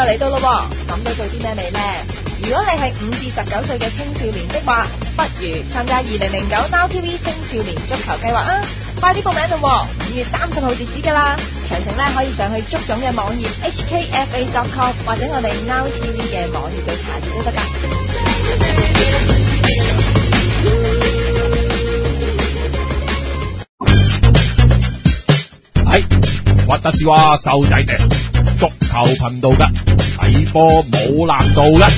又嚟到咯，諗到做啲咩未呢？如果你係五至十九歲嘅青少年的話，不如參加二零零九 Now TV 青少年足球計劃啊！快啲報名咯，五月三十號截止噶啦。詳情咧可以上去足總嘅網頁 HKFA.com，或者我哋 Now TV 嘅網頁度查住都得噶。係，屈達士話瘦仔定。足球頻道嘅睇波冇難度嘅。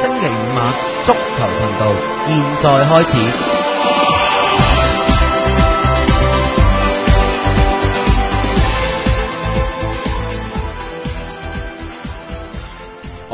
星期五晚足球頻道現在開始。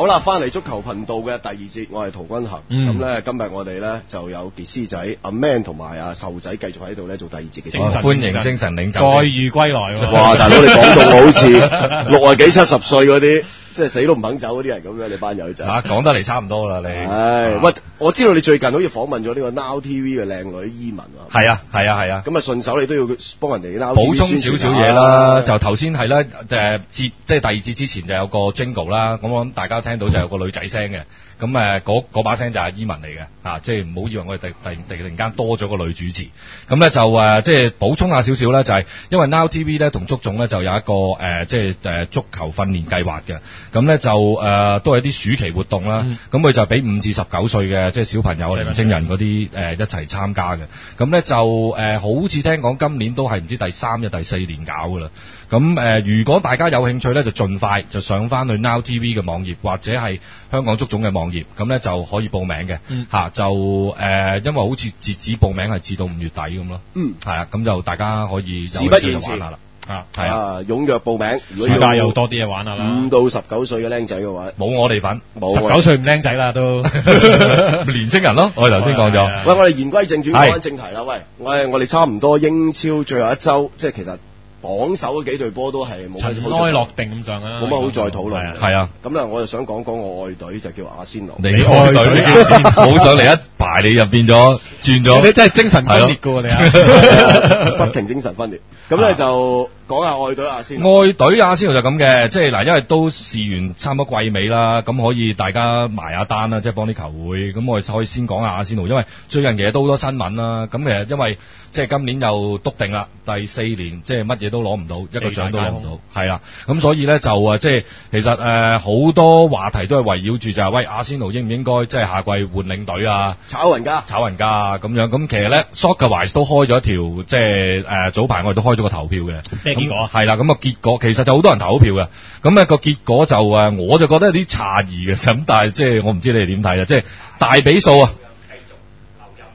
好啦，翻嚟足球頻道嘅第二節，我係陶君衡，咁、嗯、咧今日我哋咧就有傑斯仔阿 Man 同埋阿壽仔繼續喺度咧做第二節嘅。歡迎精神領袖，載譽歸來喎、啊。哇！大佬，你講到好似六啊幾七十歲嗰啲， 即係死都唔肯走嗰啲人咁樣，你班友仔。嚇，講得嚟差唔多啦，你。唉，喂、啊。But, 我知道你最近好似訪問咗呢個 Now TV 嘅靚女伊文喎。係啊，係啊，係啊。咁啊，順手你都要幫人哋 Now TV 宣傳下。補充少少嘢啦，就頭先係啦，誒、呃、節即係第二節之前就有個 Jingle 啦。咁我諗大家都聽到就有個女仔聲嘅。咁誒，嗰把聲就係伊文嚟嘅。啊，即係唔好以為我哋突突突突然間多咗個女主持。咁咧就誒、呃，即係補充下少少啦、就是，就係因為 Now TV 咧同足總咧就有一個誒、呃，即係誒足球訓練計劃嘅。咁咧就誒、呃、都係啲暑期活動啦。咁佢就俾五至十九歲嘅。即係小朋友、年輕人嗰啲誒，一齊參加嘅，咁呢就誒、呃，好似聽講今年都係唔知第三日、第四年搞噶啦，咁誒、呃，如果大家有興趣呢，就盡快就上翻去 now TV 嘅網頁或者係香港足總嘅網頁，咁呢就可以報名嘅，吓、嗯啊、就誒、呃，因為好似截止報名係至到五月底咁咯，嗯，係啊，咁就大家可以事不宜遲。啊係啊踴躍、啊啊、報名，暑假又多啲嘢玩啦。五到歲十九歲嘅僆仔嘅話冇我哋份。十九歲唔僆仔啦，都 年青人咯 我哋頭先講咗。喂，我哋言歸正傳翻正題啦、啊、喂，我我哋差唔多英超最後一周，即係其實榜首嗰幾隊波都係冇安落定咁上啦，冇乜好再討論。係啊，咁咧、啊、我就想講講外愛隊就叫阿仙奴。你愛隊冇上嚟一排你又變咗轉咗，你真係精神分裂嘅、啊、 你不停精神分裂。咁咧就講下外隊阿仙啊先，外隊啊，仙奴就咁嘅，即係嗱，因為都試完差唔多季尾啦，咁可以大家埋下單啦，即係幫啲球會。咁我哋可以先講下阿仙奴，因為最近其實都好多新聞啦。咁其實因為即係今年又篤定啦，第四年即係乜嘢都攞唔到，一個獎都攞唔到，係啦。咁所以咧就啊，即係其實誒好、呃、多話題都係圍繞住就係、是、喂阿仙奴應唔應該即係下季換領隊啊？炒人家？炒人家啊！」咁樣。咁其實咧、嗯、Soccerwise 都開咗一條即係誒、呃、早排我哋都開。睇咗個投票嘅結果係啦，咁啊、那個、結果其實就好多人投票嘅，咁、那、啊個結果就誒，我就覺得有啲詫異嘅，咁但係即係我唔知你哋點睇啦，即係大比數啊，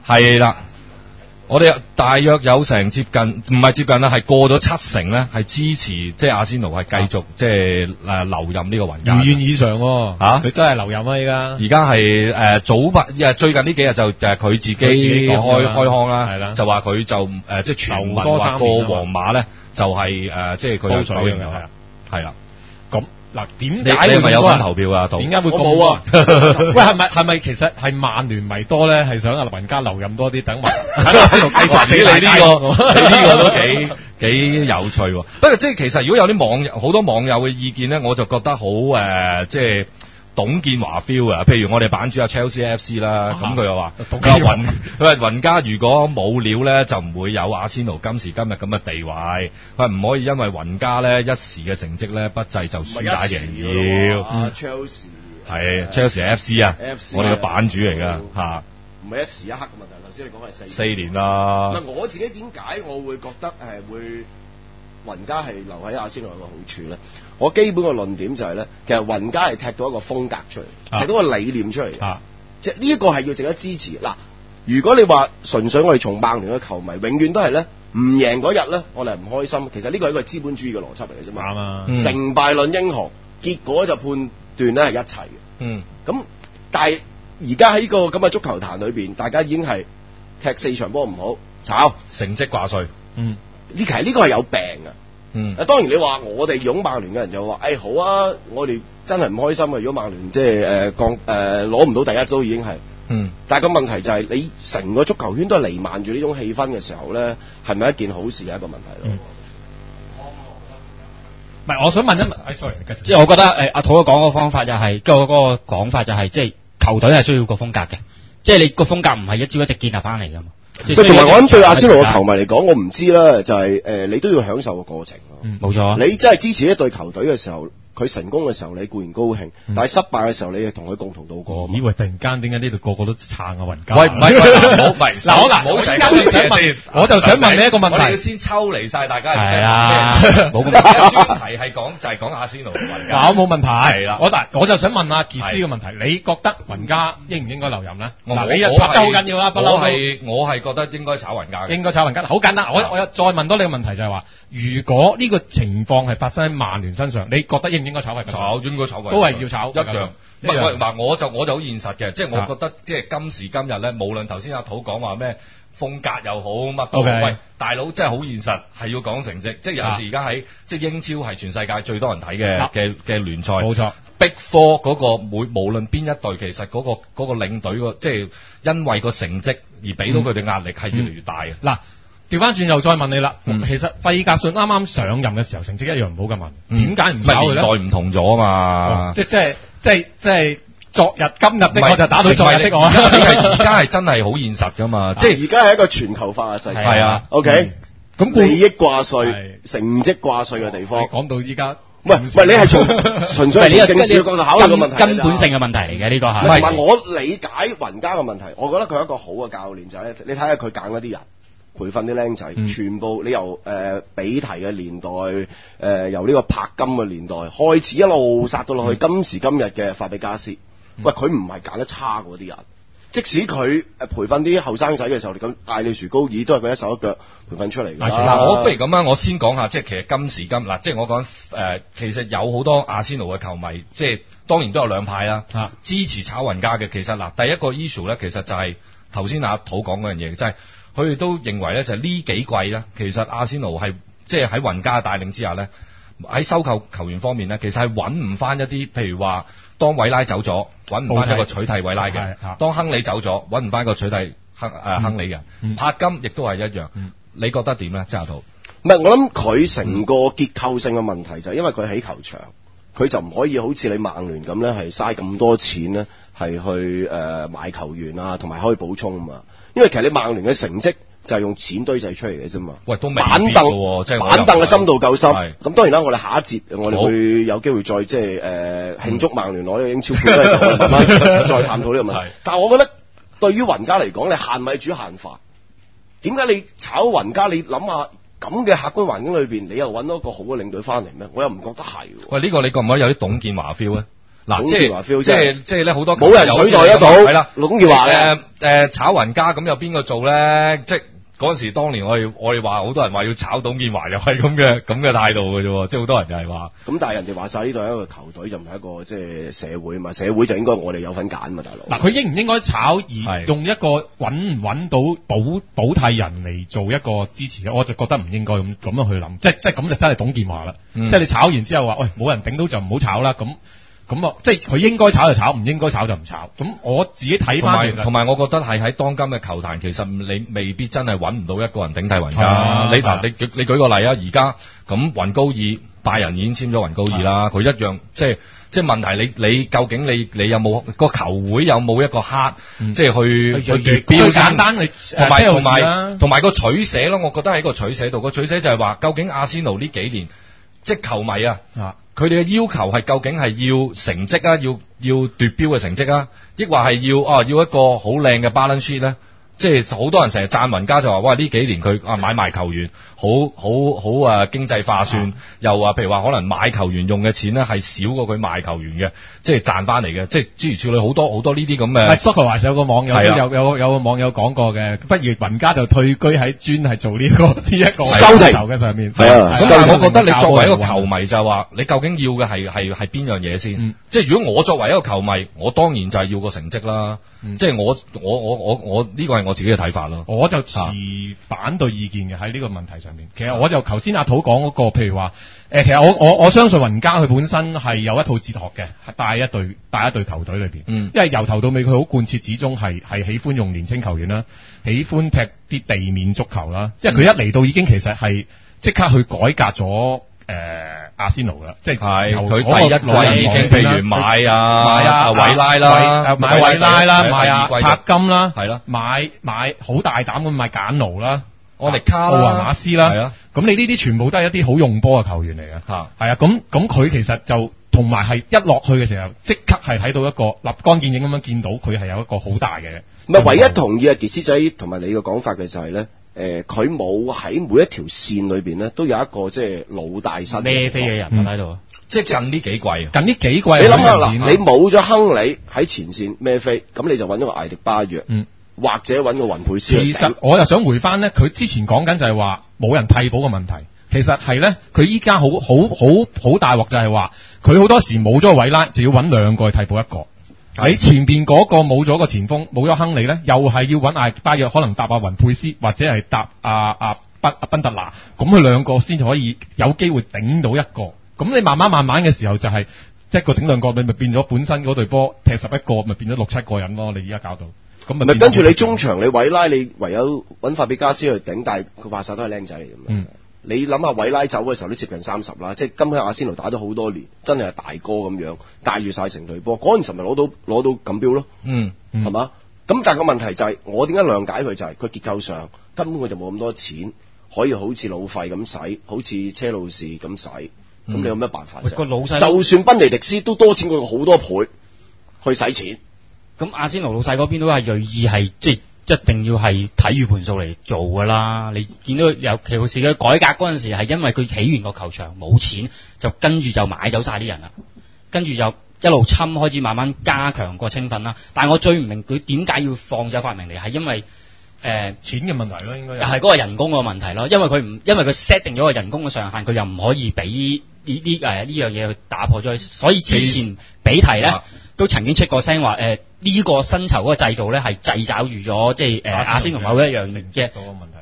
係啦。我哋大約有成接近，唔係接近啦，係過咗七成咧，係支持即係阿仙奴係繼續即係誒留任呢個環境。如願以償喎，佢真係留任啊！而家而家係誒早八，最近呢幾日就誒佢自己開他自己說的開腔啦，就話佢就誒、呃、即係傳聞話過皇馬咧，就係誒即係佢想走啦，咁、呃。就是嗱、啊，點解你係咪有份投票呀？點解會咁？我冇啊！啊喂，係咪係咪其實係曼聯迷多咧？係想阿雲加留任多啲，等埋。喺度， 計俾你呢個，呢個都幾幾有趣，不過即係其實如果有啲網友好多網友嘅意見咧，我就覺得好誒、呃，即係。董建華 feel 啊，譬如我哋版主阿 Chelsea FC 啦、啊，咁佢又話，佢話雲，佢話雲格如果冇料咧，就唔會有阿仙奴今時今日咁嘅地位。佢唔可以因為雲格咧一時嘅成績咧不濟就輸打贏要。唔係一時，阿 Chelsea 係 Chelsea FC 啊，Chelsea, uh, FC, uh, 我哋嘅版主嚟噶吓。唔、uh, 係、uh, 一時一刻嘅問題，頭先你講係四四年啦。我自己點解我會覺得係會雲格係留喺阿仙奴有個好處咧？我基本嘅論點就係、是、咧，其實雲格係踢到一個風格出嚟，踢到一個理念出嚟，啊啊，即係呢一個係要值得支持。嗱，如果你話純粹我哋從曼聯嘅球迷，永遠都係咧唔贏嗰日咧，我哋係唔開心。其實呢個係一個資本主義嘅邏輯嚟嘅啫嘛。啱啊，嗯，成敗論英雄，結果就判斷咧係一齊嘅。嗯，咁但係而家喺呢個咁嘅足球壇裏邊，大家已經係踢四場波唔好，炒成績掛帥。嗯，呢期呢個係、這個、有病嘅。嗯，當然你話我哋擁曼聯嘅人就話，誒、哎，好啊，我哋真係唔開心啊！如果曼聯即係誒降誒攞唔到第一都已經係，嗯，但係個問題就係、是、你成個足球圈都係彌漫住呢種氣氛嘅時候咧，係咪一件好事係一個問題咯？唔、嗯、係、嗯，我想問一問、哎、sorry，即係我覺得誒，阿陶哥講個方法就係、是，即係我嗰個講法就係、是，即係球隊係需要個風格嘅，即係你個風格唔係一朝一夕建立翻嚟噶嘛。即係同埋，我諗對阿仙奴嘅球迷嚟講，我唔知啦。就係、是、誒、呃，你都要享受個過程咯。冇、嗯、錯，你真係支持呢隊球隊嘅時候。佢成功嘅時候，你固然高興；但係失敗嘅時候，你又同佢共同度過。嗯、以喂！突然間點解呢度個個都撐阿、啊、雲格？喂唔係，唔好唔嗱，我嗱唔好我就想問你一個問題。我先抽離曬大家。係啊，冇咁。而、啊、家主題係講就係、是、講阿仙奴我冇問題、啊我。我就想問阿傑斯嘅、啊、問題、啊，你覺得雲格應唔應該留任呢？你我覺得好緊要啦。我係我係覺得應該炒雲格。嘅。應該炒雲格。好簡單。啊、我我再問多你個問題就係、是、話：如果呢個情況係發生喺曼聯身上，你覺得應唔？應該炒咪炒，應該炒咪，都係要炒，一樣。唔係，嗱，我就我就好現實嘅，即係、啊、我覺得，即係今時今日咧，無論頭先阿土講話咩風格又好，乜都好 okay, 喂，大佬真係好現實，係要講成績。即係有時而家喺即係英超係全世界最多人睇嘅嘅嘅聯賽，冇錯、啊。逼科嗰個每無論邊一隊，其實嗰、嗰個嗰、嗰個領隊個，即、就、係、是、因為個成績而俾到佢哋壓力係越嚟越大嗱。嗯嗯調翻轉又再問你啦、嗯。其實費爾格遜啱啱上任嘅時候，成績一樣唔好咁問，點解唔好？年代唔同咗啊嘛、嗯，即即即即係昨日今日的我就打到昨日的我啊。而家係真係好現實噶嘛，即而家係一個全球化嘅世界係啊。O K。咁利益掛稅、成績掛稅嘅地方，講到依家唔係唔係你係從純粹從政治角度考慮一個問題，根本性嘅問題嚟嘅，呢個係唔係我理解雲加嘅問題。我覺得佢係一個好嘅教練就咧。你睇下佢揀嗰啲人。培訓啲僆仔，嗯、全部你由誒、呃、比提嘅年代，誒、呃、由呢個柏金嘅年代開始一路殺到落去，嗯、今時今日嘅法比加斯，嗯、喂，佢唔係揀得差嗰啲人，即使佢誒、呃、培訓啲後生仔嘅時候，咁艾利殊、高爾都係佢一手一腳培訓出嚟。嗱，我不如咁啦，我先講下，即係其實今時今嗱，即係我講誒、呃，其實有好多阿仙奴嘅球迷，即係當然都有兩派啦，支持炒雲格嘅。其實嗱，第一個 issue 咧，其實就係頭先阿土講嗰樣嘢，即、就、係、是。佢哋都認為咧，就呢、是、幾季咧，其實阿仙奴係即係喺雲加帶領之下咧，喺收購球員方面咧，其實係揾唔翻一啲，譬如話當韋拉走咗，揾唔翻一個取替韋拉嘅；當亨利走咗，揾唔翻一個取替亨、嗯呃、亨利嘅。柏、嗯、金亦都係一樣、嗯。你覺得點咧，阿陶？唔係，我諗佢成個結構性嘅問題就係因為佢喺球場，佢就唔可以好似你曼聯咁咧，係嘥咁多錢咧，係、呃、去買球員啊，同埋可以補充啊。因為其實你曼聯嘅成績就係用錢堆砌出嚟嘅啫嘛，板凳，即係板凳嘅深度夠深。咁當然啦、呃，我哋下一節我哋會有機會再即係誒慶祝曼聯攞呢個英超冠軍嘅時候慢慢再探討呢個問題。但係我覺得對於雲格嚟講，你限米煮限飯，點解你炒雲格？你諗下咁嘅客觀環境裡邊，你又搵到一個好嘅領隊翻嚟咩？我又唔覺得係。喂，呢、這個你覺唔覺得可以有啲董建華 feel 咧？嗱，即係即係即係咧，好多冇人取代得到，係啦，董建華咧誒炒雲格咁有邊個做咧？即係嗰陣時當年我哋我哋話好多人話要炒董建華又係咁嘅咁嘅態度嘅啫喎，即係好多人就係話。咁但係人哋話曬呢度係一個球隊，就唔係一個即係社會嘛，社會就應該我哋有份揀嘛，大佬。嗱，佢應唔應該炒而用一個揾唔揾到保保替人嚟做一個支持咧？我就覺得唔應該咁咁樣去諗，即係即係咁就真係董建華啦、嗯。即係你炒完之後話，喂、哎，冇人頂到就唔好炒啦，咁。咁啊，即係佢應該炒就炒，唔應該炒就唔炒。咁我自己睇翻，同埋同埋，我覺得係喺當今嘅球壇，其實你未必真係揾唔到一個人頂替雲格、啊。你嗱、啊，你你舉個例啊，而家咁雲高爾，拜仁已經簽咗雲高爾啦，佢、啊、一樣即係即問題你，你你究竟你你有冇個球會有冇一個黑、嗯，即係去去預標簡單，同埋同埋同埋個取捨咯。我覺得喺個取捨度，個取捨就係話，究竟阿仙奴呢幾年？即球迷啊，吓，佢哋嘅要求係究竟係要成績啊，要要奪標嘅成績啊，抑或係要啊，要一個好靚嘅 balance sheet 咧？即係好多人成日讚雲格就話：哇！呢幾年佢啊買賣球員，好好好啊經濟化算又話，譬如話可能買球員用嘅錢咧係少過佢賣球員嘅，即係賺翻嚟嘅。即係諸如此類好多好多呢啲咁嘅。係足球話有個網友有有有個網友講過嘅，不如雲格就退居喺專係做呢、呢個呢一、呢個收地嘅上面。咁但係我覺得你作為一個球迷就話，你究竟要嘅係係係邊樣嘢先？嗯、即係如果我作為一個球迷，我當然就係要個成績啦。嗯、即係我我我我我呢個係我。我我我我這個我自己嘅睇法咯，我就持反對意見嘅喺呢個問題上面。其實我就頭先阿土講嗰個，譬如話，誒、呃，其實我我我相信雲格佢本身係有一套哲學嘅，帶一隊帶一隊球隊裏邊，因為由頭到尾佢好貫徹始終係係喜歡用年青球員啦，喜歡踢啲地面足球啦、嗯。即係佢一嚟到已經其實係即刻去改革咗。誒、呃，阿仙奴嘅，即係佢、那個、第一季已經譬如買啊買啊韋、啊啊啊啊啊啊啊啊啊、拉啦，買韋拉啦，買啊，啊帕金啦，係咯，買買好大膽咁買簡奴、啊、啦，奧利卡啦，馬斯啦，咁你呢啲全部都係一啲好用波嘅球員嚟嘅，係啊，咁咁佢其實就同埋係一落去嘅時候，即刻係睇到一個立竿見影咁樣見到佢係有一個好大嘅。唔係唯一同意阿傑斯仔同埋你嘅講法嘅就係咧。誒、呃，佢冇喺每一條線裏邊咧，都有一個即係老大身咩飛嘅人喺度，即係近呢幾季、啊，近呢幾季你諗下嗱，你冇咗亨利喺前線咩飛，咁、嗯、你就揾咗個艾迪巴約，或者搵個雲佩斯。其實我又想回翻咧，佢之前講緊就係話冇人替補嘅問題，其實係咧，佢依家好好好好大鑊就係話，佢好多時冇咗個位拉，就要揾兩個去替補一個。喺前邊嗰個冇咗個前鋒，冇咗亨利咧，又係要揾阿、啊、巴約可能搭阿、啊、雲佩斯，或者係搭阿、啊、阿、啊啊、賓阿賓特拿，咁佢兩個先可以有機會頂到一個。咁你慢慢慢慢嘅時候就係、是、一個頂兩個，你咪變咗本身嗰隊波踢十一個，咪變咗六七個人咯。你而家搞到咁咪，唔跟住你中場你委拉你唯有揾法比加斯去頂，但係佢話晒都係靚仔嚟㗎嘛。嗯你諗下韋拉走嘅時候都接近三十啦，即係今次阿仙奴打咗好多年，真係係大哥咁樣帶住晒成隊波，嗰陣時咪攞到攞到錦標咯，嗯，係、嗯、嘛？咁但係個問題就係、是，我點解諒解佢就係、是，佢結構上根本佢就冇咁多錢可以好似老費咁使，好似車路士咁使，咁、嗯、你有咩辦法啫？個老細就算賓尼迪斯都多錢過佢好多倍去使錢，咁阿仙奴老細嗰邊都話銳意係即。一定要係睇住盤數嚟做噶啦，你見到尤其係佢改革嗰陣時，係因為佢起完個球場冇錢，就跟住就買走晒啲人啦，跟住就一路侵開始慢慢加強個青訓啦。但係我最唔明佢點解要放走法明嚟，係因為誒、呃、錢嘅問題咯、啊，應該係嗰個人工嘅問題咯，因為佢唔因為佢 set 定咗個人工嘅上限，佢又唔可以俾呢啲誒呢樣嘢去打破咗，所以之前比題咧。都曾經出過聲話誒呢個薪酬嗰制度咧係掣肘住咗，即係誒、呃、阿仙奴某一樣嘅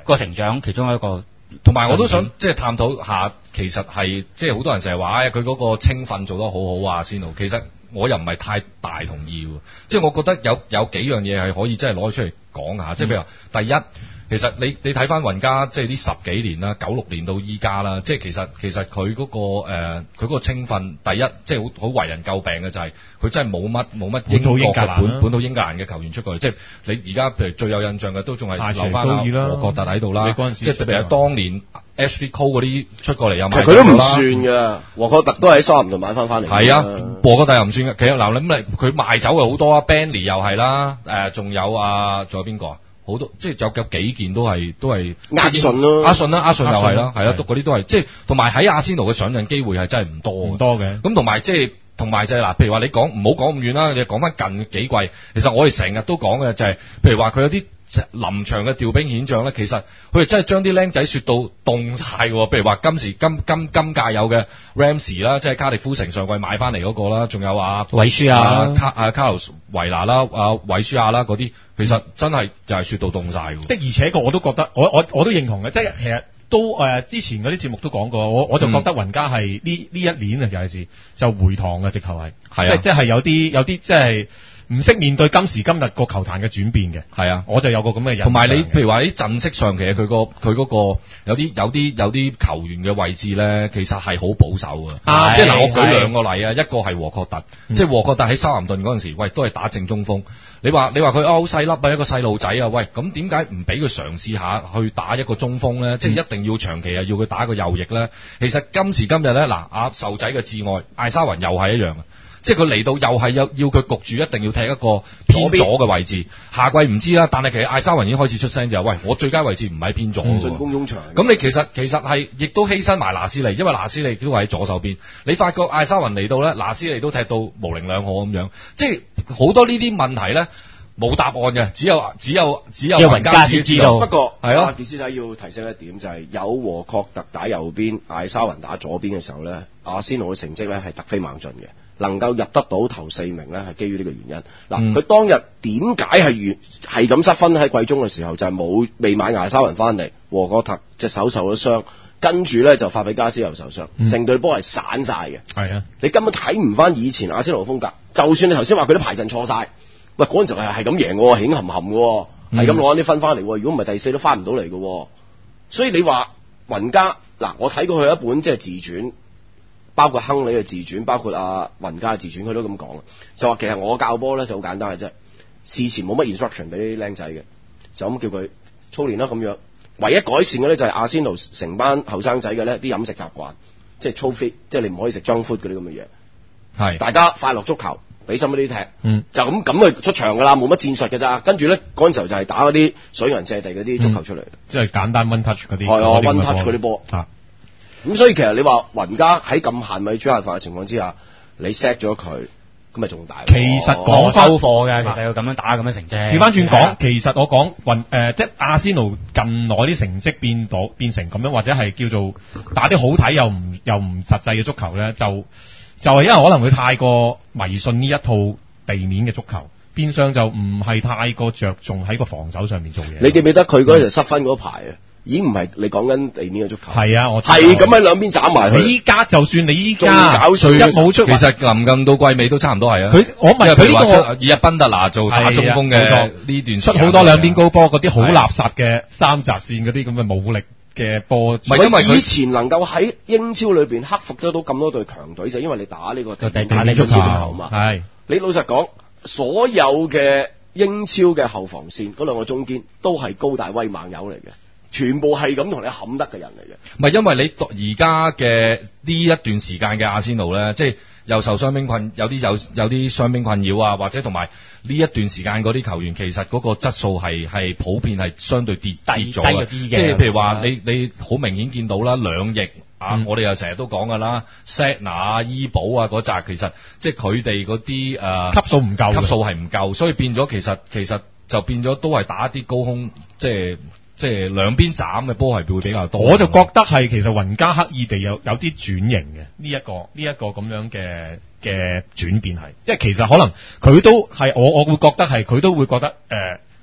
個成長其中一個。同埋我都想即係探討下，其實係即係好多人成日話佢嗰個青訓做得好好啊，仙奴。其實我又唔係太大同意喎。即係我覺得有有幾樣嘢係可以即係攞出嚟講下，即係譬如話第一。其實你你睇翻雲格即係呢十幾年啦，九六年到依家啦，即係其實其實佢嗰、那個佢嗰、呃、個青訓第一即係好好為人詬病嘅就係、是、佢真係冇乜冇乜英國本土本土英格蘭嘅、啊、球員出過去。即係你而家譬如最有印象嘅都仲係留翻、啊、啦，霍格特喺度啦，即係特別係當年 Ashley Cole 嗰啲出過嚟又買走佢都唔算嘅，霍格特都喺三紅度買翻翻嚟。係啊，霍格特又唔算嘅。其實嗱你咁佢賣走嘅好多、嗯、啊，Benny 又係啦，誒仲有啊仲有邊個、啊？好多即係有有幾件都係都係阿信啦，阿信啦，阿信又係啦，係啦，都嗰啲、啊啊啊啊啊、都係、啊、即係，同埋喺阿仙奴嘅上陣機會係真係唔多，唔、嗯、多嘅，咁同埋即係。同埋就係、是、嗱，譬如話你講唔好講咁遠啦，你講翻近幾季，其實我哋成日都講嘅就係、是，譬如話佢有啲臨場嘅調兵遣將咧，其實佢哋真係將啲僆仔雪到凍曬喎。譬如話今時今今今屆有嘅 Ramsey 啦，即係卡迪夫城上季買翻嚟嗰個啦，仲有啊，維舒亞、啊、卡卡勞維拿啦、啊維舒、啊、亞啦嗰啲，其實真係又係雪到凍曬嘅。的、嗯、而且確我都覺得，我我我都認同嘅，即、就、係、是、其實。都誒、呃，之前嗰啲節目都講過，我我就覺得雲格係呢呢一年啊，有陣時就回堂嘅，直頭係、啊，即係即係有啲有啲即係唔識面對今時今日個球壇嘅轉變嘅。係啊，我就有個咁嘅印象。同埋你譬如話喺陣式上，其實佢、嗰個佢嗰個有啲有啲有啲球員嘅位置咧，其實係好保守㗎。啊，即係嗱，啊即係、我舉兩個例子啊，一個係和確特，即係、啊即係、和確特喺三連頓嗰陣時候，喂，都係打正中鋒。你話你話佢啊好細粒啊，一個細路仔啊，喂，咁點解唔俾佢嘗試下去打一個中鋒咧？嗯、即係一定要長期啊，要佢打一個右翼咧？其實今時今日咧，嗱，阿壽仔嘅摯愛艾沙云又係一樣。即係佢嚟到又係要要佢焗住，一定要踢一個偏左嘅位置。下季唔知啦，但係其實艾沙雲已經開始出聲就係：喂，我最佳位置唔喺偏左。進攻中場咁。你其實其實係亦都犧牲埋拿斯利，因為拿斯利都喺左手邊。你發覺艾沙雲嚟到咧，拿斯利都踢到模棱兩可咁樣。即係好多呢啲問題咧，冇答案嘅，只有只有只有雲格知道。不過係咯，傑、啊啊、斯仔要提醒一點就係有和確特打右邊，艾沙雲打左邊嘅時候咧，阿仙奴嘅成績咧係突飛猛進嘅。能夠入得到頭四名咧，係基於呢個原因。嗱，佢當日點解係咁失分？喺季中嘅時候就係、是、冇未買阿沙雲翻嚟，和國特隻手受咗傷，跟住咧就法比加斯又受傷，成、嗯、隊波係散曬嘅。啊、嗯，你根本睇唔翻以前阿仙奴風格。就算你頭先話佢啲排陣錯曬，喂嗰陣時係咁贏喎，險冚冚喎，係咁攞啲分翻嚟。如果唔係第四都翻唔到嚟嘅。所以你話雲格嗱，我睇過佢一本即係自傳。包括亨利嘅自傳，包括阿雲加嘅自傳，佢都咁講，就話其實我教波咧就好簡單嘅啫，事前冇乜 instruction 俾啲僆仔嘅，就咁叫佢操練啦咁樣，唯一改善嘅咧就係阿仙奴成班後生仔嘅咧啲飲食習慣，即係粗 fit，即係你唔可以食 junk food 嗰啲咁嘅嘢，係大家快樂足球，俾心俾啲踢，嗯、就咁咁去出場噶啦，冇乜戰術噶咋，跟住咧嗰陣時候就係打嗰啲水銀瀉地嗰啲足球出嚟、嗯，即係簡單 one touch 嗰啲，係啊球，one touch 啲波，啊咁、嗯、所以其實你話雲格喺咁限米煮限飯嘅情況之下，你 set 咗佢，咁咪仲大？其實講收貨嘅，其實要咁樣打咁樣成績。調翻轉講，啊、其實我講雲誒，即係阿仙奴近耐啲成績變到變成咁樣，或者係叫做打啲好睇，又唔又唔實際嘅足球咧，就就係、是、因為可能佢太過迷信呢一套地面嘅足球，變相就唔係太過着重喺個防守上面做嘢。你記唔記得佢嗰陣時失分嗰排、嗯、啊？已經唔係你講緊地面嘅足球係啊，我係咁喺兩邊斬埋佢。依家就算你依家，最一冇出嚟，其實臨近到季尾都差唔多係啊。佢我唔問佢呢個以阿賓特拿做打中鋒嘅呢段，出好多兩邊高波，嗰啲好垃圾嘅三閘線嗰啲咁嘅武力嘅波。唔係因為以前能夠喺英超裏邊克服得到咁多隊強隊，就因為你打呢個地面足球嘛。係你，你老實講，所有嘅英超嘅後防線嗰兩個中堅都係高大威猛友嚟嘅。全部係咁同你冚得嘅人嚟嘅，唔係因為你而家嘅呢一段時間嘅阿仙奴咧，即係又受傷兵困，有啲有有啲傷兵困擾啊，或者同埋呢一段時間嗰啲球員其實嗰個質素係係普遍係相對跌，跌低咗嘅，即係譬如話你你好明顯見到啦，兩翼啊、嗯，我哋又成日都講噶啦，s e 塞納、伊保啊嗰扎，其實即係佢哋嗰啲誒，級數唔夠，級數係唔夠，所以變咗其實其實就變咗都係打一啲高空，即係。即係兩邊斬嘅波係會比較多，我就覺得係其實雲格刻意地有有啲轉型嘅呢一個呢一個咁樣嘅嘅轉變係，即係其實可能佢都係我我會覺得係佢都會覺得誒，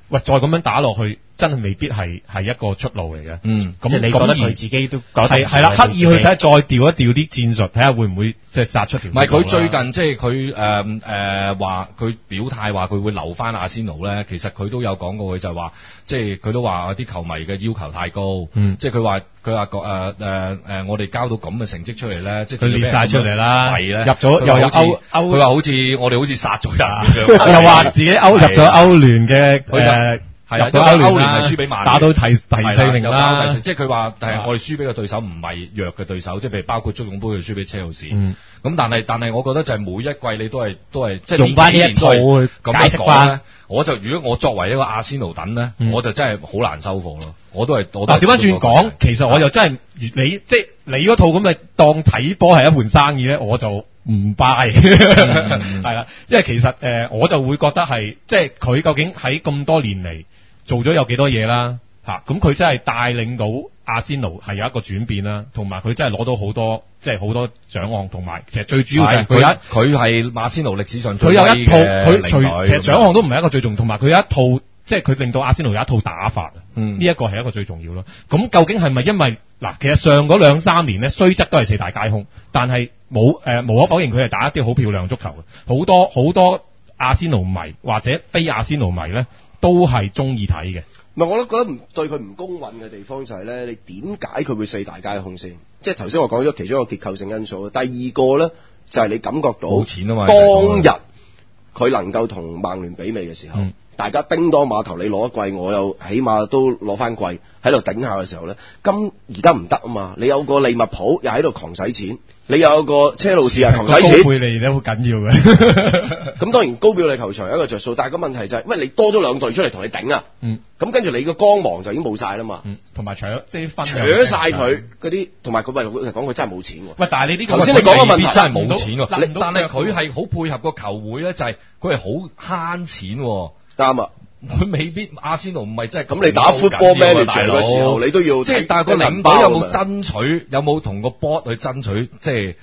喂、呃、再咁樣打落去。真係未必係係一個出路嚟嘅。嗯，咁、嗯、覺得佢自己都覺得係啦，刻意去睇，再調一調啲戰術，睇下會唔會即係殺出條。唔係佢最近即係佢誒誒話，佢、呃、表態話佢會留翻阿仙奴咧。其實佢都有講過，佢就話即係佢都話啲球迷嘅要求太高。嗯、即係佢話佢話誒誒誒，我哋交到咁嘅成績出嚟咧，即係佢列晒出嚟啦，係、呃、咧入咗又有歐，佢話好似我哋好似殺咗入，又話 自己歐入咗歐聯嘅誒。係啊，歐聯係輸俾曼聯，打到第第四名啦，啊，即係佢話，但係、啊就是、我哋輸俾嘅對手唔係弱嘅對手，即係譬如包括足總杯，佢輸俾車路士。嗯，咁但係但係，我覺得就係每一季你都係都係，即係用翻呢一套咁樣講。解釋我就如果我作為一個阿仙奴躉咧、嗯，我就真係好難收貨咯，我都係。嗱，點翻轉講，其實我又真係、啊，你即係、就是、你嗰套咁嘅當睇波係一盤生意咧，我就唔拜。係、嗯、啦、 嗯，因為其實誒、呃，我就會覺得係，即係佢究竟喺咁多年嚟做咗有幾多嘢啦。吓、啊，咁佢真係帶領到阿仙奴係有一個轉變啦，同埋佢真係攞到好多即係好多獎項，同埋其實最主要係佢佢係阿仙奴歷史上最，佢有一套佢其實獎項都唔係一個最重要，同埋佢有一套即係佢令到阿仙奴有一套打法，呢一個係一個最重要咯。咁究竟係咪因為嗱？其實上嗰兩三年呢，雖則都係四大皆空，但係冇、呃、無可否認佢係打一啲好漂亮足球嘅，好多好多阿仙奴迷或者非阿仙奴迷呢，都係中意睇嘅。唔係，我都覺得唔對佢唔公允嘅地方就係咧，你點解佢會四大皆空先？即係頭先我講咗其中一個結構性因素。第二個咧就係、是、你感覺到，冇錢啊嘛。當日佢能夠同曼聯媲美嘅時候，大家叮噹馬頭，你攞一季，我又起碼都攞翻季喺度頂下嘅時候咧，咁而家唔得啊嘛！你有個利物浦又喺度狂使錢。你有個車路士啊，球洗錢高貝利好緊要嘅。咁當然高貝利球場有一個著數，但係個問題就係、是，餵你多咗兩隊出嚟同你頂呀、啊，咁、嗯、跟住你個光芒就已經冇曬啦嘛。同埋扯即係分扯曬佢嗰啲，同埋佢喂佢講佢真係冇錢喎。喂，但係你呢、這個頭先你講嘅問題真係冇錢，但係佢係好配合個球會呢，就係佢係好慳錢。喎、啊。佢未必，阿仙奴唔係真係咁。你打 football 波咩？你打嘅時候，你都要即係、就是。但係個領隊有冇爭取，有冇同個 board 去爭取？即係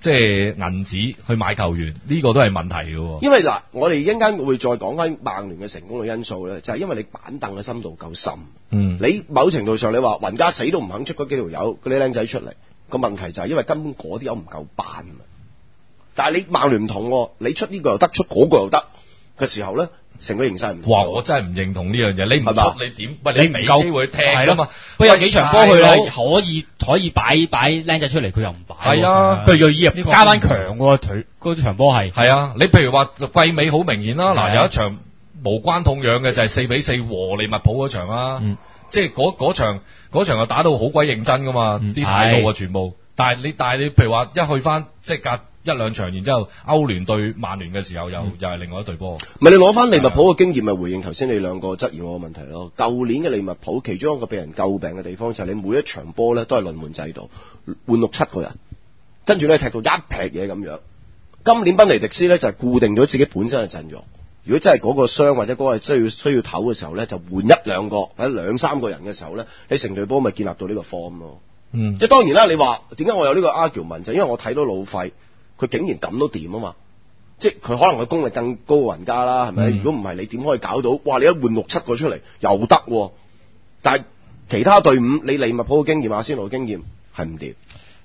即係銀紙去買球員，呢、這個都係問題嘅。因為嗱，我哋一陣間會再講翻曼聯嘅成功嘅因素咧，就係、是、因為你板凳嘅深度夠深。嗯，你某程度上你話雲家死都唔肯出幾條友嗰啲僆仔出嚟，個問題就係因為根本啲友唔夠板啊。但係你曼聯唔同，你出呢個又得出，嗰個又得。嘅時候咧，成個形勢唔同。哇！我真係唔認同呢樣嘢，你唔出你點？咪你未有機會踢。係啊嘛？佢有幾場波佢可以可以擺擺靚仔出嚟，佢又唔擺。係啊，佢、啊、又二加翻強佢嗰場波係。係啊，你譬如話季尾好明顯啦、啊，嗱、啊、有一場無關痛癢嘅就係四比四和利物浦嗰場啦、啊嗯，即係嗰嗰場嗰場又打到好鬼認真噶嘛、啊，啲、嗯、態度啊全部。啊、但係你但係你譬如話一去翻即係隔。一兩場，然之後歐聯對曼聯嘅時候，又又係另外一隊波。唔係你攞翻利物浦嘅經驗，咪回應頭先你兩個質疑我嘅問題咯。舊年嘅利物浦其中一個俾人詬病嘅地方就係你每一場波呢都係輪換制度，換六七個人，跟住咧踢到一撇嘢咁樣。今年賓尼迪斯呢就係固定咗自己本身嘅陣容。如果真係嗰個傷或者嗰個需要需要唞嘅時候呢，就換一兩個，或者兩三個人嘅時候呢，你成隊波咪建立到呢個 form 咯。即、嗯、係當然啦，你話點解我有呢個 argument 就因為我睇到老費。佢竟然咁都掂啊嘛！即係佢可能佢功力更高嘅，雲加啦，係咪？如果唔係你點可以搞到？哇！你一換六七個出嚟又得、啊，但係其他隊伍，你利物浦嘅經驗、阿仙奴嘅經驗係唔掂。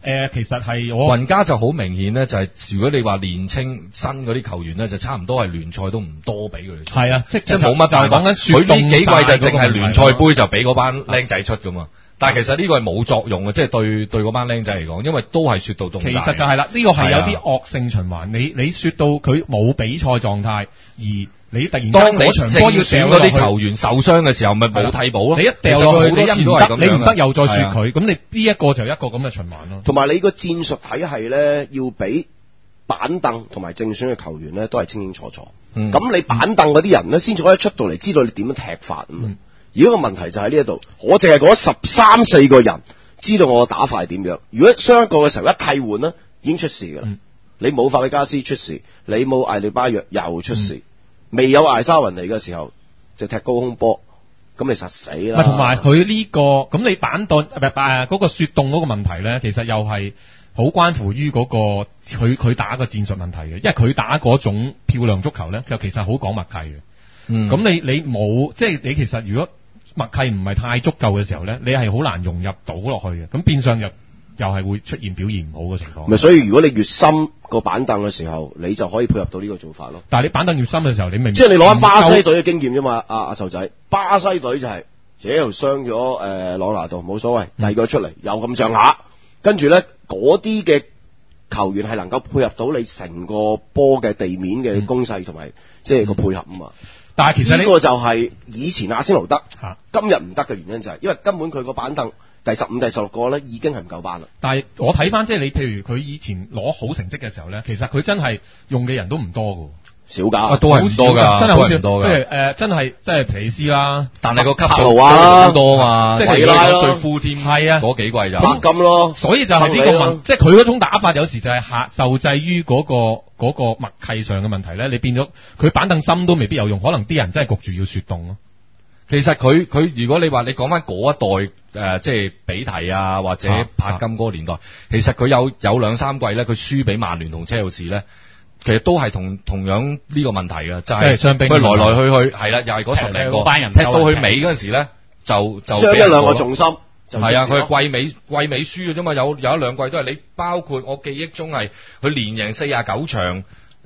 誒，其實係我雲加就好明顯咧、就是，就係如果你話年青新嗰啲球員咧，就差唔多係聯賽都唔多俾佢哋出。係啊，即係冇乜就係講緊，佢呢幾季就淨係聯賽杯就俾嗰班僆仔出噶嘛。但係其實呢個係冇作用嘅，即、就、係、是、對對嗰班僆仔嚟講，因為都係雪到凍曬。其實就係啦，呢、這個係有啲惡性循環。你你雪到佢冇比賽狀態，而你突然間嗰場波要選嗰啲球、球員受傷嘅時候，咪冇替補咯。你一掉咗佢，你前得你唔得又再雪佢，咁你呢一個就一個咁嘅循環咯。同埋你個戰術體系咧，要俾板凳同埋正選嘅球員咧，都係清清楚楚。咁、嗯、你板凳嗰啲人咧，先至可以出到嚟知道你點樣踢法、嗯而家個問題就喺呢一度，我淨係嗰十三四個人知道我打法係點樣。如果傷一個嘅時候一替換呢，已經出事噶啦、嗯。你冇法比加斯出事，你冇艾利巴約又出事、嗯，未有艾沙雲嚟嘅時候就踢高空波，咁你實死啦。同埋佢呢個咁你板凳唔係嗰個雪洞嗰個問題呢，其實又係好關乎於嗰、嗰個佢佢打個戰術問題嘅，因為佢打嗰種漂亮足球呢又其實好講默契嘅。咁、嗯、你你冇即係你其實如果默契唔係太足夠嘅時候咧，你係好難融入到落去嘅，咁變相又又係會出現表現唔好嘅情況。唔係，所以如果你越深個板凳嘅時候，你就可以配合到呢個做法咯。但係你板凳越深嘅時候，你明即係你攞返巴西隊嘅經驗啫嘛，阿阿壽仔，巴西隊就係、是，只要傷咗誒朗拿度冇所謂，第二個出嚟又咁上下，跟住咧嗰啲嘅球員係能夠配合到你成個波嘅地面嘅攻勢同埋，即、嗯、係個配合啊嘛。但係其實呢個就係以前阿仙奴得，今日唔得嘅原因就係、是、因為根本佢個板凳第十五、第十六個咧已經係唔夠板啦。但係我睇翻即係你，譬如佢以前攞好成績嘅時候咧，其實佢真係用嘅人都唔多嘅。少架，都係唔多噶，真係好多噶。誒、呃，真係真係皮斯啦。但係個級數啊，都多嘛？即係拉咯，對褲添係啊，嗰幾季就咁咯。所以就係呢、這個問、啊，即係佢嗰種打法，有時就係受受制於嗰、那個嗰、那個默契上嘅問題咧。你變咗佢板凳心都未必有用，可能啲人真係焗住要雪凍咯、啊。其實佢佢如果你話你講翻嗰一代誒、呃，即係比提啊，或者柏金嗰個年代，啊啊、其實佢有有兩三季咧，佢輸俾曼聯同車路士咧。其實都係同同樣呢個問題嘅，就係傷兵佢來來去去係啦，又係嗰十零個班人踢到去尾嗰陣時咧，就就一兩個重心。係啊，佢季尾季尾輸嘅啫嘛，有有一兩季都係，你包括我記憶中係佢連贏四十九場，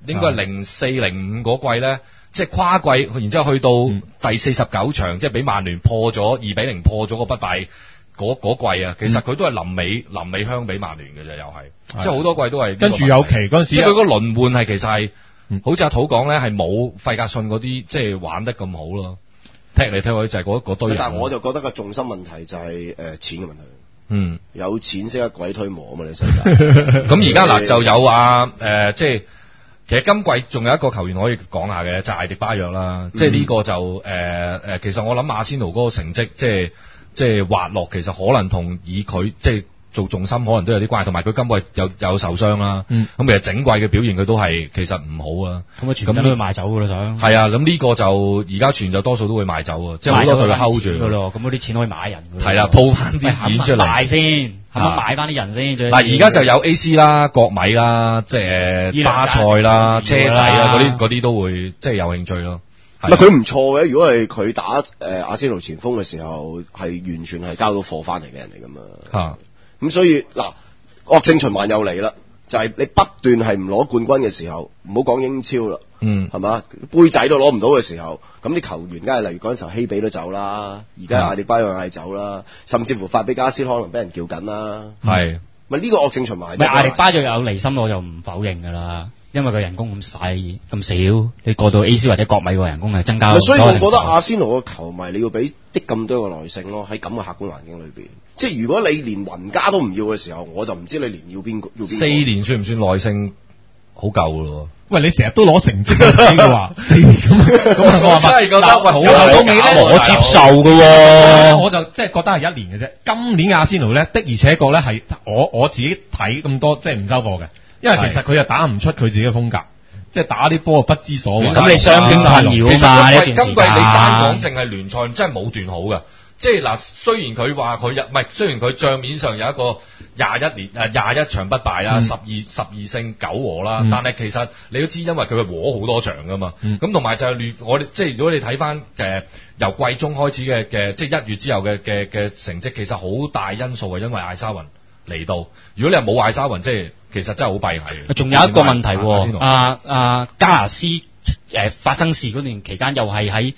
應該係零四零五嗰季咧？即係跨季，然之後去到第四十九場，嗯、即係俾曼聯破咗二比零破咗個不敗。嗰季啊，其實佢都係臨尾，臨、嗯、尾香比曼聯嘅啫，又係、就是，嗯、即係好多季都係。跟住有期嗰陣時，佢個輪換係其實係，嗯、好似阿土講咧，係冇費格遜嗰啲，即係玩得咁好咯。踢嚟踢去就係嗰堆。但係我就覺得個重心問題就係誒錢嘅問題。嗯，有錢先得鬼推磨啊嘛，你世界。咁而家嗱就有啊，誒、呃，即係其實今季仲有一個球員可以講下嘅，就係艾迪巴約啦。嗯、即係呢個就誒誒、呃，其實我諗阿仙奴嗰個成績即係。即係滑落，其實可能同以佢即係做重心，可能都有啲關係。同埋佢今季有有受傷啦。咁、嗯、其實整季嘅表現佢都係其實唔好啊。咁啊，全都佢賣走噶啦，就係。啊，咁呢個就而家全就多數都會賣走啊，即係好多佢 hold 住。咯咁嗰啲錢可以買人。係啦、啊，鋪翻啲錢出嚟。賣先，係買翻啲人先？但嗱、啊，而家就有 AC 啦、國米啦、即係巴塞啦、車仔啊嗰啲啲都會即係有興趣咯。係佢唔錯嘅，如果係佢打誒、呃、阿仙奴前鋒嘅時候，係完全係交到貨翻嚟嘅人嚟噶嘛。吓，咁所以嗱、呃，惡性循環又嚟啦，就係、是、你不斷係唔攞冠軍嘅時候，唔好講英超、嗯、啦，啦，嗯，係嘛，杯仔都攞唔到嘅時候，咁啲球員梗係例如嗰陣時候希比都走啦，而家阿利巴又嗌走啦，甚至乎法比加斯可能俾人叫緊啦。係、嗯，咪、這、呢個惡性循環？咪阿利巴又有離心，我就唔否認噶啦。因為佢人工咁細咁少，你過到 AC 或者國米個人工係增加。咪所以我覺得阿仙奴嘅球迷你要俾啲咁多個耐性咯，喺咁嘅客觀環境裏邊，即係如果你連雲格都唔要嘅時候，我就唔知你連要邊個要邊個。四年算唔算耐性？好夠咯，喂，你拿成日都攞成績嘅，你 這 的話咁咁， 我話真係覺得是好，由頭到尾我接受嘅、啊。我就即係覺得係一年嘅啫。今年阿仙奴咧的而且確咧係我我自己睇咁多即係唔收貨嘅。因為其實佢又打唔出佢自己嘅風格，即、就、係、是、打啲波不知所謂。咁你雙兵困擾晒一段時間啦。今季你單講淨係聯賽真係冇段好嘅，即係嗱，雖然佢話佢唔係，雖然佢賬面上有一個廿一年誒廿一場不敗啦，十二十二勝九和啦、嗯，但係其實你都知，因為佢和好多場噶嘛。咁同埋就係我哋即係如果你睇翻誒由季中開始嘅嘅即係一月之後嘅嘅嘅成績，其實好大因素係因為艾沙雲。嚟到，如果你係冇壞沙云，即係其實真係好弊嘅。仲有一個問題、啊，阿、啊、阿、啊、加拿斯誒、呃、發生事嗰段期間，又係喺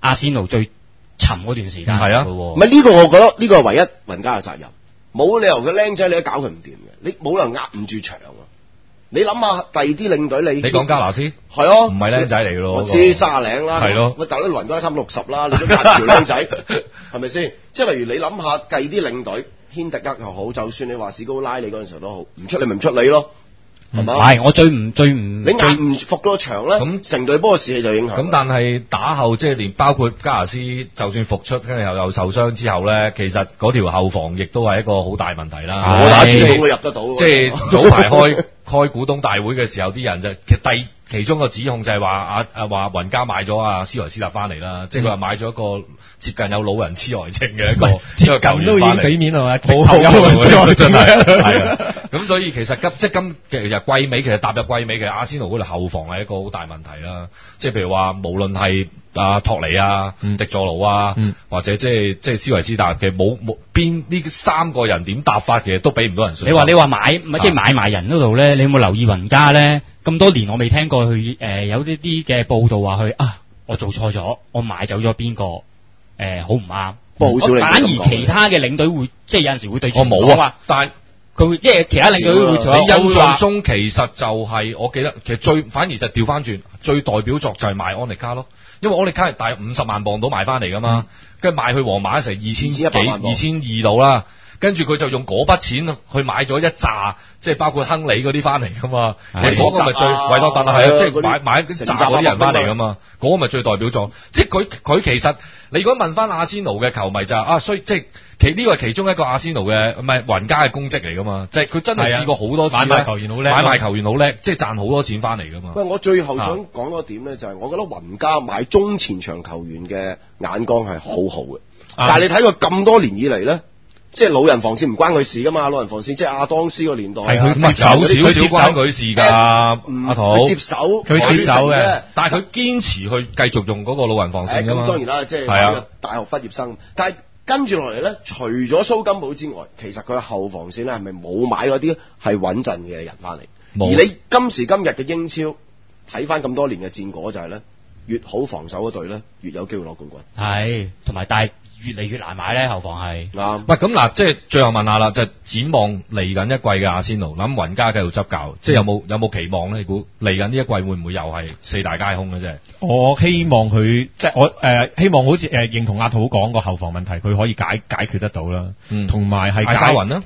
阿仙奴最沉嗰段時間嚟、嗯啊，這個這個、啊，唔係呢個，我覺得呢個唯一云家嘅責任，冇理由個僆仔你都搞佢唔掂嘅。你冇人壓唔住場啊！你諗下第二啲領隊，你你講加拿斯係啊，唔係僆仔嚟嘅咯。我知卅零啦，係咯，喂大佬云都係三六十啦，你都唔係條僆仔，係咪先？即係例如你諗下計啲領隊。牽特格又好，就算你話史高拉你嗰陣時候都好，唔出你咪唔出你咯，係、嗯、我最唔最唔你壓唔復多場咧？咁成隊波士氣就影響。咁但係打後即係連包括加拿斯，就算復出跟住又又受傷之後咧，其實嗰條後防亦都係一個好大問題啦。我打會入得到。即係早排開 開股東大會嘅時候，啲人就其實第其中個指控就係話啊啊話雲加買咗阿斯萊斯達翻嚟啦，嗯、即係佢話買咗一個接近有老人痴呆症嘅一個，一個，咁都已經俾面係咪？有腰嘅痴呆症係啊，咁、 嗯、所以其實即即今即係今其實季尾其實踏入季尾，其實阿仙奴嗰度後防係一個好大問題啦，即係譬如話無論係。啊，托尼啊、嗯，迪佐魯啊、嗯，或者即係即係斯維斯達嘅冇冇邊呢三個人點答法嘅都俾唔到人信。你話你話買即係、啊即係、買埋人嗰度咧？你有冇留意雲格咧？咁多年我未聽過佢誒、呃、有啲啲嘅報道話佢啊，我做錯咗，我買走咗邊個誒，好唔啱。對，嗯、反而其他嘅領隊會、啊、即係有陣時會對住我冇啊，但係佢會即係其他領隊會做。印象、啊、中其實就係、是、我記得，其實最反而就調翻轉最代表作就係賣安利卡咯。因為我哋卡係大約五十萬磅到買翻嚟噶嘛，跟、嗯、住賣去皇馬成二千幾二千二度啦，跟住佢就用嗰筆錢去買咗一扎，即係包括亨利嗰啲翻嚟噶嘛，嗰、那個咪最韋多特啦，係啊，即係、啊、買買一扎嗰啲人翻嚟噶嘛，嗰、那個咪最代表咗、嗯，即係佢佢其實。你如果問翻阿仙奴嘅球迷就係啊，所以即係其呢個係其中一個阿仙奴嘅唔係雲家嘅功績嚟噶嘛，即係佢真係試過好多次咧。買球員好叻，買賣球員好叻，即係、就係、賺好多錢翻嚟噶嘛。喂，我最後想講多點咧、啊，就係、係、我覺得雲家買中前場球員嘅眼光係好好嘅、啊，但係你睇過咁多年以嚟咧。即係老人防線唔關佢事噶嘛，老人防線即係阿當斯個年代係佢、啊、接手少少關佢事噶，阿佢接手佢接手嘅、啊啊啊，但係佢堅持去繼續用嗰個老人防線噶嘛咁、啊、當然啦，即係佢個大學畢業生。是啊、但係跟住落嚟咧，除咗蘇金寶之外，其實佢個後防線咧係咪冇買嗰啲係穩陣嘅人翻嚟？而你今時今日嘅英超睇翻咁多年嘅戰果就係咧，越好防守嘅隊咧，越有機會攞冠軍。係，同埋帶。越嚟越難買咧，後防係。嗱，喂，咁嗱，即係最後問下啦，就展望嚟緊一季嘅阿仙奴，諗雲格繼續執教，即係有冇有冇期望咧？你估嚟緊呢一季會唔會又係四大皆空嘅啫？我希望佢即係我誒、呃，希望好似誒、呃、認同阿土講個後防問題，佢可以解解決得到啦。嗯，同埋係艾沙雲啦，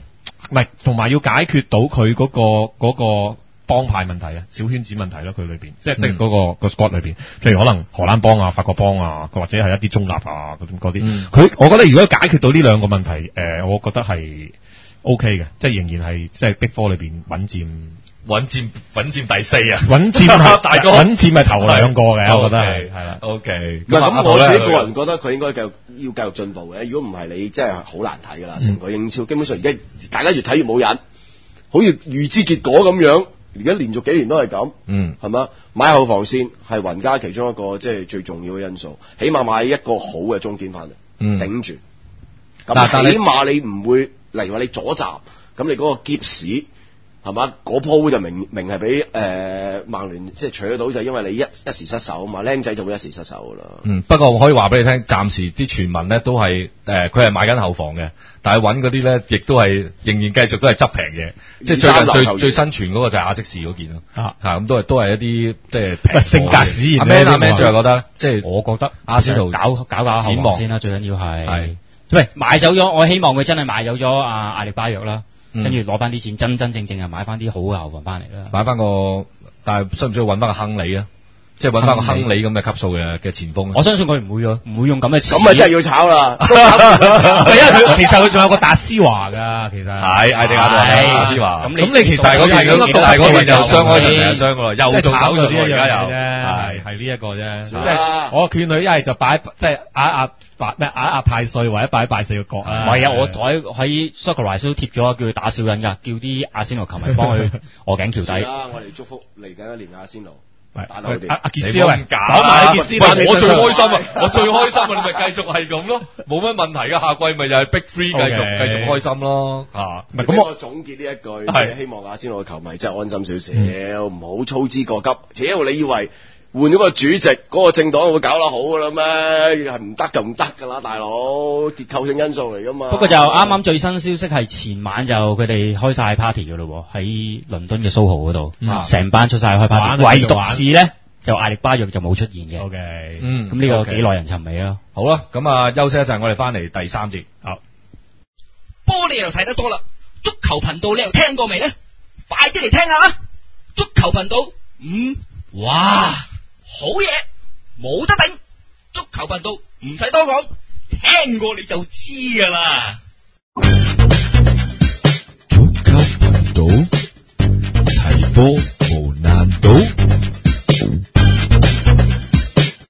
唔係，同埋要解決到佢嗰個嗰個，那個幫派問題啊，小圈子問題啦。佢裏邊即係即係、那、嗰個、嗯那個 s c o t 裏邊，譬如可能荷蘭幫啊、法國幫啊，或者係一啲中立啊嗰啲，佢我覺得如果解決到呢兩個問題，誒、呃，我覺得係 OK 嘅，即係仍然係即係 big four 裏邊穩佔穩佔穩佔第四啊，穩 啊，穩佔係大哥，穩佔係頭兩個嘅，我覺得係係啦。OK。咁、okay, okay, 我自己個人覺得佢應該繼續要繼續進步嘅。如果唔係你真係好難睇噶啦，成、嗯、個英超基本上而家大家越睇越冇癮，好似預知結果咁樣。而家連續幾年都係咁，係、嗯、嘛？買後防線，係雲加其中一個即、係、最重要嘅因素，起碼買一個好嘅中堅翻嚟、嗯、頂住。咁但起碼你唔會，例如話你左閘，咁你嗰個傑斯。係嘛？嗰鋪就明明係俾誒曼聯，即係取得到，就是、因為你一一時失手嘛。僆仔就會一時失手噶啦嗯，不過我可以話俾你聽，暫時啲傳聞咧都係誒，佢、呃、係買緊後防嘅，但係搵嗰啲咧，亦都係仍然繼續都係執平嘅。即係最近最最，最新傳嗰個就係阿積士嗰件咯。啊，咁都係都係一啲即係平。性格使然咩啲咩咩？最、啊、後覺得咧，即、就、係、是、我覺得阿仙奴搞搞搞後防先啦，最緊要係喂買走咗。我希望佢真係買走咗阿阿迪巴約啦。跟住攞翻啲錢，真真正正啊買翻啲好嘅牛房翻嚟啦！買翻個，但係需唔需要揾翻個亨利啊？即係揾翻個亨利咁嘅級數嘅嘅前鋒、嗯，前鋒我相信佢唔會用，唔會用咁嘅。咁咪真係要炒啦，因為佢其實佢仲有個達斯華噶、 哎，其實係係點解達斯華的？咁你咁你其實嗰、那個、就佢嗰陣又傷開，又又做手術有，而家又啫，係呢一個啫，即係我勸女一係就擺即係壓壓咩壓太歲，或者擺啲拜四個角唔係啊，我袋喺 s o c k 都貼咗，叫佢打小人㗎，叫啲 阿仙奴球迷幫佢鵝頸橋底。我哋祝福嚟緊一年阿仙奴。咪打落佢哋，你唔杰斯，我最開心啊，我最開心啊， 你咪繼續係咁咯，冇乜問題嘅、啊。下季咪就係 Big Three 繼續繼、okay. 續開心咯，吓。咁我總結呢一句，係希望阿仙奴嘅球迷真係安心少少，唔好操之過急。只係你以為？換咗個主席，嗰、那個政黨會搞得好噶啦咩？係唔得就唔得噶啦，大佬，結構性因素嚟噶嘛。不過就啱啱最新消息係前晚就佢哋開晒 party 噶咯喎，喺倫敦嘅 soho 嗰度，成、嗯、班出晒開 party，、嗯、唯獨是咧就艾力巴約就冇出現嘅。OK，咁、嗯、呢個幾耐人尋味啊。Okay, 好啦，咁啊，休息一陣，我哋翻嚟第三節。好，波你又睇得多啦，足球頻道你又聽過未呢？快啲嚟聽下啊！足球頻道，嗯，哇！好嘢，冇得頂！足球頻道唔使多講，聽過你就知噶啦。足球頻道，睇波冇難度。